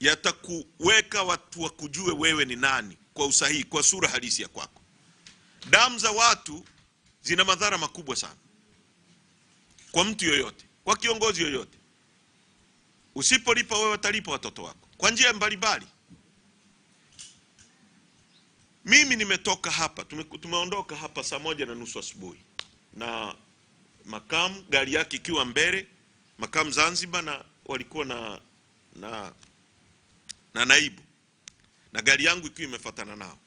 yatakuweka watu wakujue wewe ni nani kwa usahihi, kwa sura halisi ya kwako. Damu za watu zina madhara makubwa sana kwa mtu yoyote, kwa kiongozi yoyote. Usipolipa wewe, watalipa watoto wako kwa njia mbalimbali. Mimi nimetoka hapa, tume, tumeondoka hapa saa moja na nusu asubuhi na makamu, gari yake ikiwa mbele, makamu Zanzibar, na walikuwa na na na naibu na gari yangu ikiwa imefatana nao.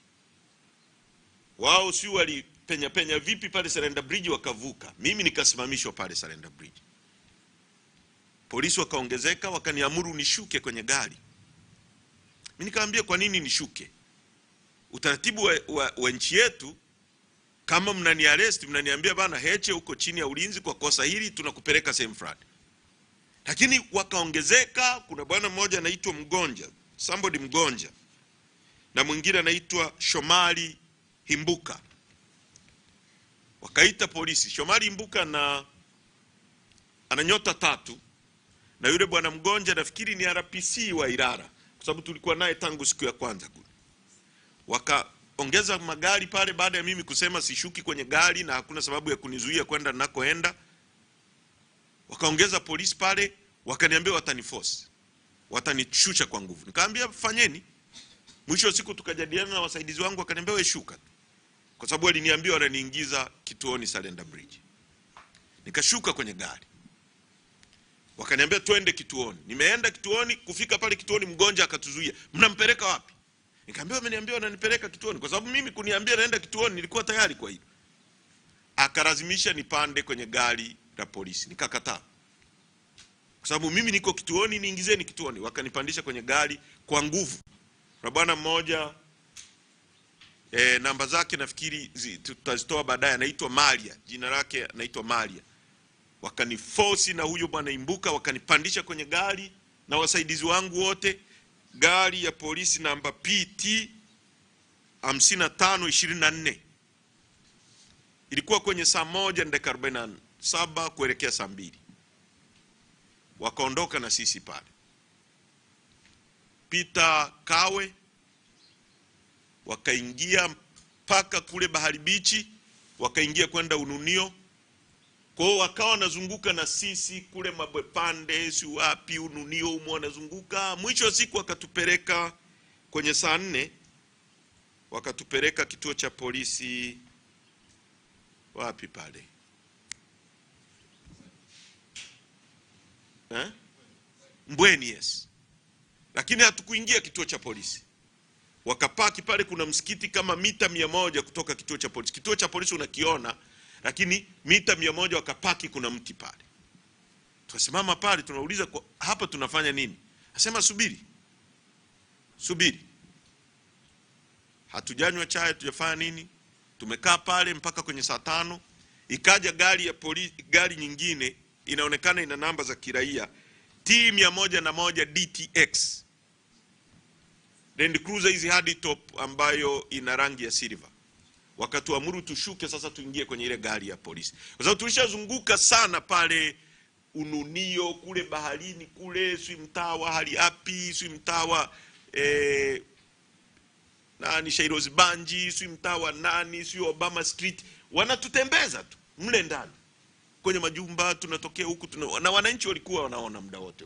Wao si walipenya penya vipi pale Selander Bridge wakavuka, mimi nikasimamishwa pale Selander Bridge. Polisi wakaongezeka, wakaniamuru nishuke kwenye gari. Mimi nikamwambia kwa nini nishuke? Utaratibu wa, wa, wa nchi yetu kama mnani arrest mnaniambia bana Heche huko chini ya ulinzi kwa kosa hili tunakupeleka same fulani. Lakini wakaongezeka, kuna bwana mmoja anaitwa Mgonja Somebody Mgonja na mwingine anaitwa Shomari Himbuka. Wakaita polisi. Shomali Himbuka na ana nyota tatu, na yule bwana Mgonja nafikiri ni RPC wa Ilala, kwa sababu tulikuwa naye tangu siku ya kwanza kule. Wakaongeza magari pale, baada ya mimi kusema sishuki kwenye gari na hakuna sababu ya kunizuia kwenda ninakoenda. Wakaongeza polisi pale, wakaniambia watanifosi watanichusha kwa nguvu. Nikaambia fanyeni. Mwisho wa siku tukajadiliana na wasaidizi wangu, akaniambia wewe shuka kwa sababu aliniambia wananiingiza kituoni Salenda Bridge. Nikashuka kwenye gari, wakaniambia twende kituoni. Nimeenda kituoni, kufika pale kituoni mgonja akatuzuia, mnampeleka wapi? Nikaambia wameniambia wananipeleka kituoni, kwa sababu mimi kuniambia naenda kituoni nilikuwa tayari kwa hilo. Akalazimisha nipande kwenye gari la polisi, nikakataa sababu mimi niko kituoni, niingizeni kituoni. Wakanipandisha kwenye gari kwa nguvu. na bwana mmoja e, namba zake nafikiri tutazitoa baadaye, anaitwa Maria, jina lake anaitwa Maria. Wakanifosi na huyo bwana Imbuka, wakanipandisha kwenye gari na wasaidizi wangu wote, gari ya polisi namba PT 5524 ilikuwa kwenye saa moja dakika 47 kuelekea saa mbili wakaondoka na sisi pale. Peter Kawe wakaingia mpaka kule Bahari Bichi, wakaingia kwenda Ununio. Kwa hiyo wakawa wanazunguka na sisi kule Mabwepande, si wapi, Ununio umo wanazunguka. Mwisho wa siku wakatupeleka kwenye saa nne, wakatupeleka kituo cha polisi wapi pale Eh? Mbweni, yes, lakini hatukuingia kituo cha polisi. Wakapaki pale, kuna msikiti kama mita mia moja kutoka kituo cha polisi. Kituo cha polisi unakiona, lakini mita mia moja wakapaki, kuna mti pale. Tukasimama pale, tunauliza hapa tunafanya nini? Asema subiri, subiri. Hatujanywa chai, hatujafanya nini, tumekaa pale mpaka kwenye saa tano. Ikaja gari ya polisi, gari nyingine inaonekana ina namba za kiraia T mia na moja DTX Land Cruiser hizi hadi top ambayo ina rangi ya silver, wakatuamuru tushuke sasa, tuingie kwenye ile gari ya polisi, kwa sababu tulishazunguka sana pale Ununio kule baharini kule, si mtaa wa hali api, si mtaa wa eh, nani Shairozi Banji, si mtaa wa nani, si Obama Street, wanatutembeza tu mle ndani kwenye majumba, tunatokea huku tuna, na wananchi walikuwa wanaona muda wote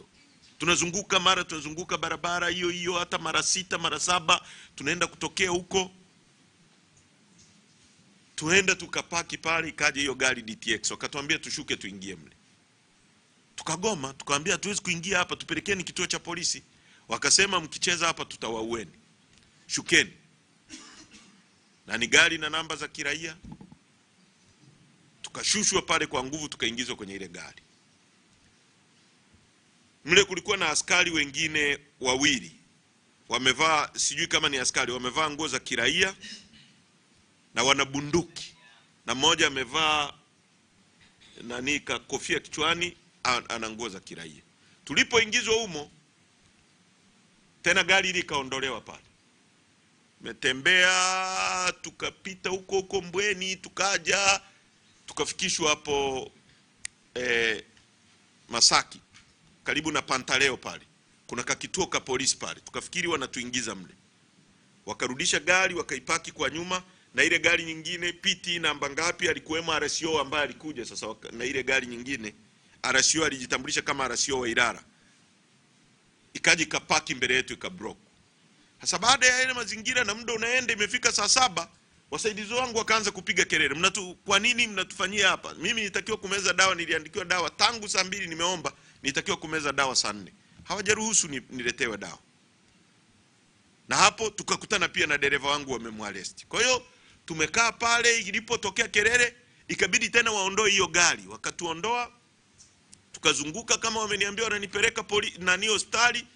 tunazunguka, mara tunazunguka barabara hiyo hiyo, hata mara sita mara saba tunaenda kutokea huko, tuenda tukapaki pale, ikaja hiyo gari DTX, wakatuambia tushuke tuingie mle, tukagoma, tukawambia hatuwezi kuingia hapa, tupelekeni kituo cha polisi. Wakasema mkicheza hapa tutawaueni, shukeni. Na ni gari na namba za kiraia tukashushwa pale kwa nguvu, tukaingizwa kwenye ile gari. Mle kulikuwa na askari wengine wawili wamevaa, sijui kama ni askari, wamevaa nguo za kiraia na wana bunduki, na mmoja amevaa nani ka kofia kichwani, ana nguo za kiraia. Tulipoingizwa humo tena, gari hili ikaondolewa pale metembea tukapita huko huko Mbweni tukaja tukafikishwa hapo eh, Masaki karibu na Pantaleo pale kuna kakituo ka polisi pale, tukafikiri wanatuingiza mle, wakarudisha gari wakaipaki kwa nyuma, na ile gari nyingine piti namba ngapi alikuwemo RCO ambaye alikuja sasa waka, na ile gari nyingine RCO alijitambulisha kama RCO wa Ilala, ikaji kapaki mbele yetu ikabrok. Sasa baada ya ile mazingira na muda unaenda, imefika saa saba Wasaidizi wangu wakaanza kupiga kelele, mnatu, kwa nini mnatufanyia hapa? Mimi nitakiwa kumeza dawa, niliandikiwa dawa tangu saa mbili, nimeomba nitakiwa kumeza dawa saa nne, hawajaruhusu niletewe dawa. Na hapo tukakutana pia na dereva wangu wamemwaresti. Kwa hiyo tumekaa pale, ilipotokea kelele ikabidi tena waondoe hiyo gari, wakatuondoa tukazunguka, kama wameniambia wananipeleka poli nani hospitali,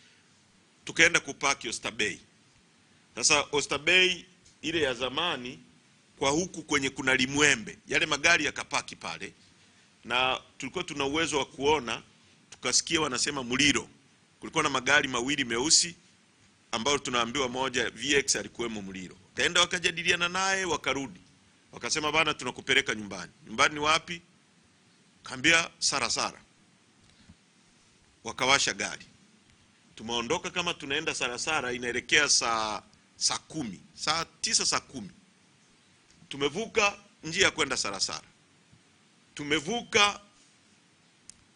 tukaenda kupaki Oysterbay. Sasa Oysterbay ile ya zamani kwa huku kwenye kuna limwembe, yale magari yakapaki pale, na tulikuwa tuna uwezo wa kuona, tukasikia wanasema Muliro. Kulikuwa na magari mawili meusi ambayo tunaambiwa moja VX alikuwemo mliro Kaenda wakajadiliana naye, wakarudi wakasema, bana, tunakupeleka nyumbani. Nyumbani ni wapi? Kaambia Sarasara. Wakawasha gari, tumeondoka kama tunaenda Sarasara, inaelekea saa saa kumi, saa tisa, saa kumi tumevuka njia ya kwenda Sarasara, tumevuka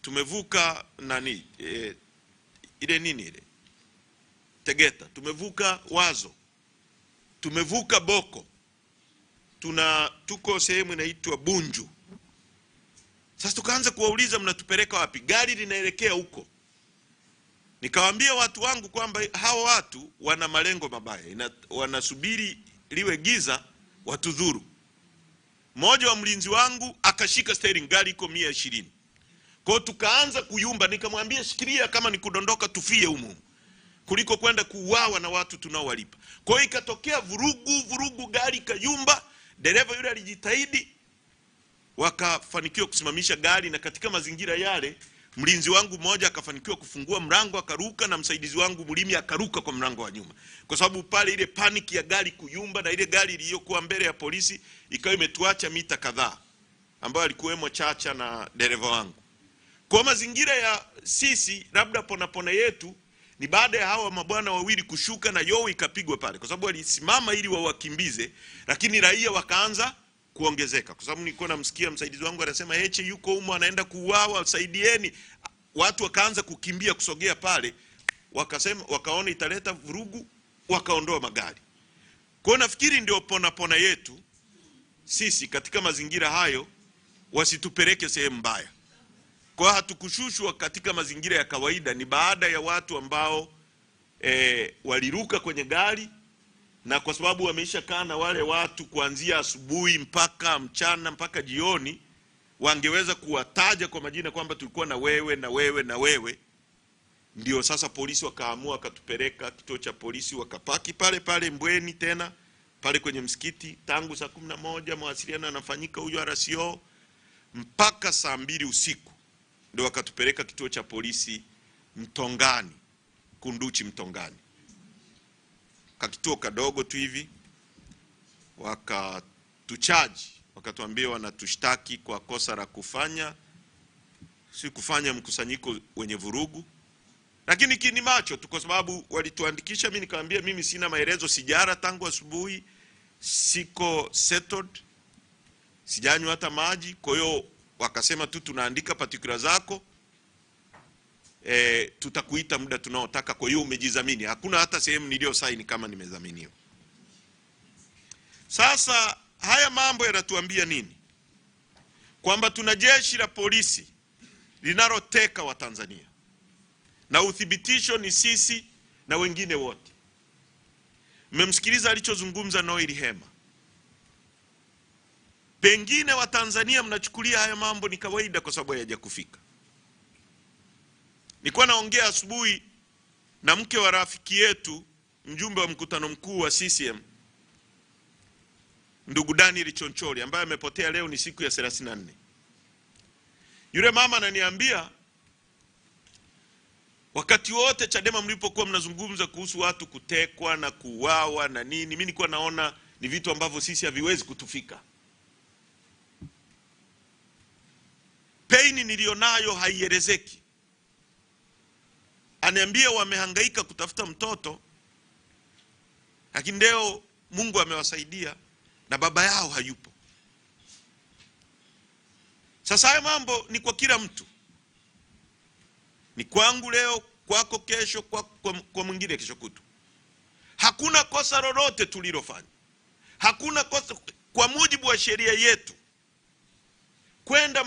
tumevuka nani e, ile nini ile Tegeta, tumevuka Wazo, tumevuka Boko, tuna tuko sehemu inaitwa Bunju. Sasa tukaanza kuwauliza mnatupeleka wapi? Gari linaelekea huko. Nikawaambia watu wangu kwamba hawa watu wana malengo mabaya, wanasubiri liwe giza watudhuru. Mmoja wa mlinzi wangu akashika steering, gari iko mia ishirini kwao, tukaanza kuyumba. Nikamwambia shikilia, kama ni kudondoka tufie humu kuliko kwenda kuuawa na watu tunaowalipa. Kwa hiyo ikatokea vurugu vurugu, gari kayumba, dereva yule alijitahidi, wakafanikiwa kusimamisha gari, na katika mazingira yale mlinzi wangu mmoja akafanikiwa kufungua mlango akaruka, na msaidizi wangu mlimi akaruka kwa mlango wa nyuma, kwa sababu pale ile paniki ya gari kuyumba na ile gari iliyokuwa mbele ya polisi ikawa imetuacha mita kadhaa, ambayo alikuwemo Chacha na dereva wangu. Kwa mazingira ya sisi, labda ponapona yetu ni baada ya hawa mabwana wawili kushuka na yowe ikapigwa pale, kwa sababu walisimama ili wawakimbize, lakini raia wakaanza kuongezeka, kwa sababu nilikuwa namsikia msaidizi wangu anasema Heche yuko humo anaenda kuuawa, saidieni. Watu wakaanza kukimbia kusogea pale, wakasema wakaona italeta vurugu, wakaondoa magari. Kwa hiyo nafikiri ndio pona yetu sisi katika mazingira hayo, wasitupeleke sehemu mbaya. Kwa hiyo hatukushushwa katika mazingira ya kawaida, ni baada ya watu ambao e, waliruka kwenye gari na kwa sababu wameisha kaa na wale watu kuanzia asubuhi mpaka mchana mpaka jioni, wangeweza kuwataja kwa majina kwamba tulikuwa na wewe na wewe na wewe. Ndio sasa polisi wakaamua, wakatupeleka kituo cha polisi, wakapaki pale pale Mbweni, tena pale kwenye msikiti, tangu saa kumi na moja mawasiliano yanafanyika, huyo RCO mpaka saa mbili usiku, ndio wakatupeleka kituo cha polisi Mtongani, Kunduchi Mtongani kakituo kadogo tu hivi, wakatuchaji, wakatuambia wanatushtaki kwa kosa la kufanya si kufanya mkusanyiko wenye vurugu, lakini kini macho tu, kwa sababu walituandikisha. Mimi nikamwambia mimi sina maelezo, sijara tangu asubuhi, siko settled, sijanywa hata maji. Kwa hiyo wakasema tu tunaandika particular zako e, tutakuita muda tunaotaka. Kwa hiyo umejidhamini, hakuna hata sehemu niliyosaini kama nimedhaminiwa. Sasa haya mambo yanatuambia nini? Kwamba tuna jeshi la polisi linaloteka Watanzania, na uthibitisho ni sisi na wengine wote. Mmemsikiliza alichozungumza Noel Hema. Pengine Watanzania mnachukulia haya mambo ni kawaida kwa sababu hayajakufika Nilikuwa naongea asubuhi na mke wa rafiki yetu, mjumbe wa mkutano mkuu wa CCM ndugu Daniel Chonchori ambaye amepotea leo, ni siku ya 34. Yule mama ananiambia wakati wote Chadema mlipokuwa mnazungumza kuhusu watu kutekwa na kuuawa na nini, mimi nilikuwa naona ni vitu ambavyo sisi haviwezi kutufika. Paini niliyonayo haielezeki aniambia wamehangaika kutafuta mtoto, lakini leo Mungu amewasaidia na baba yao hayupo. Sasa hayo mambo ni kwa kila mtu, ni kwangu leo, kwako kesho, kwa, kwa, kwa mwingine kesho kutu. Hakuna kosa lolote tulilofanya, hakuna kosa kwa mujibu wa sheria yetu kwenda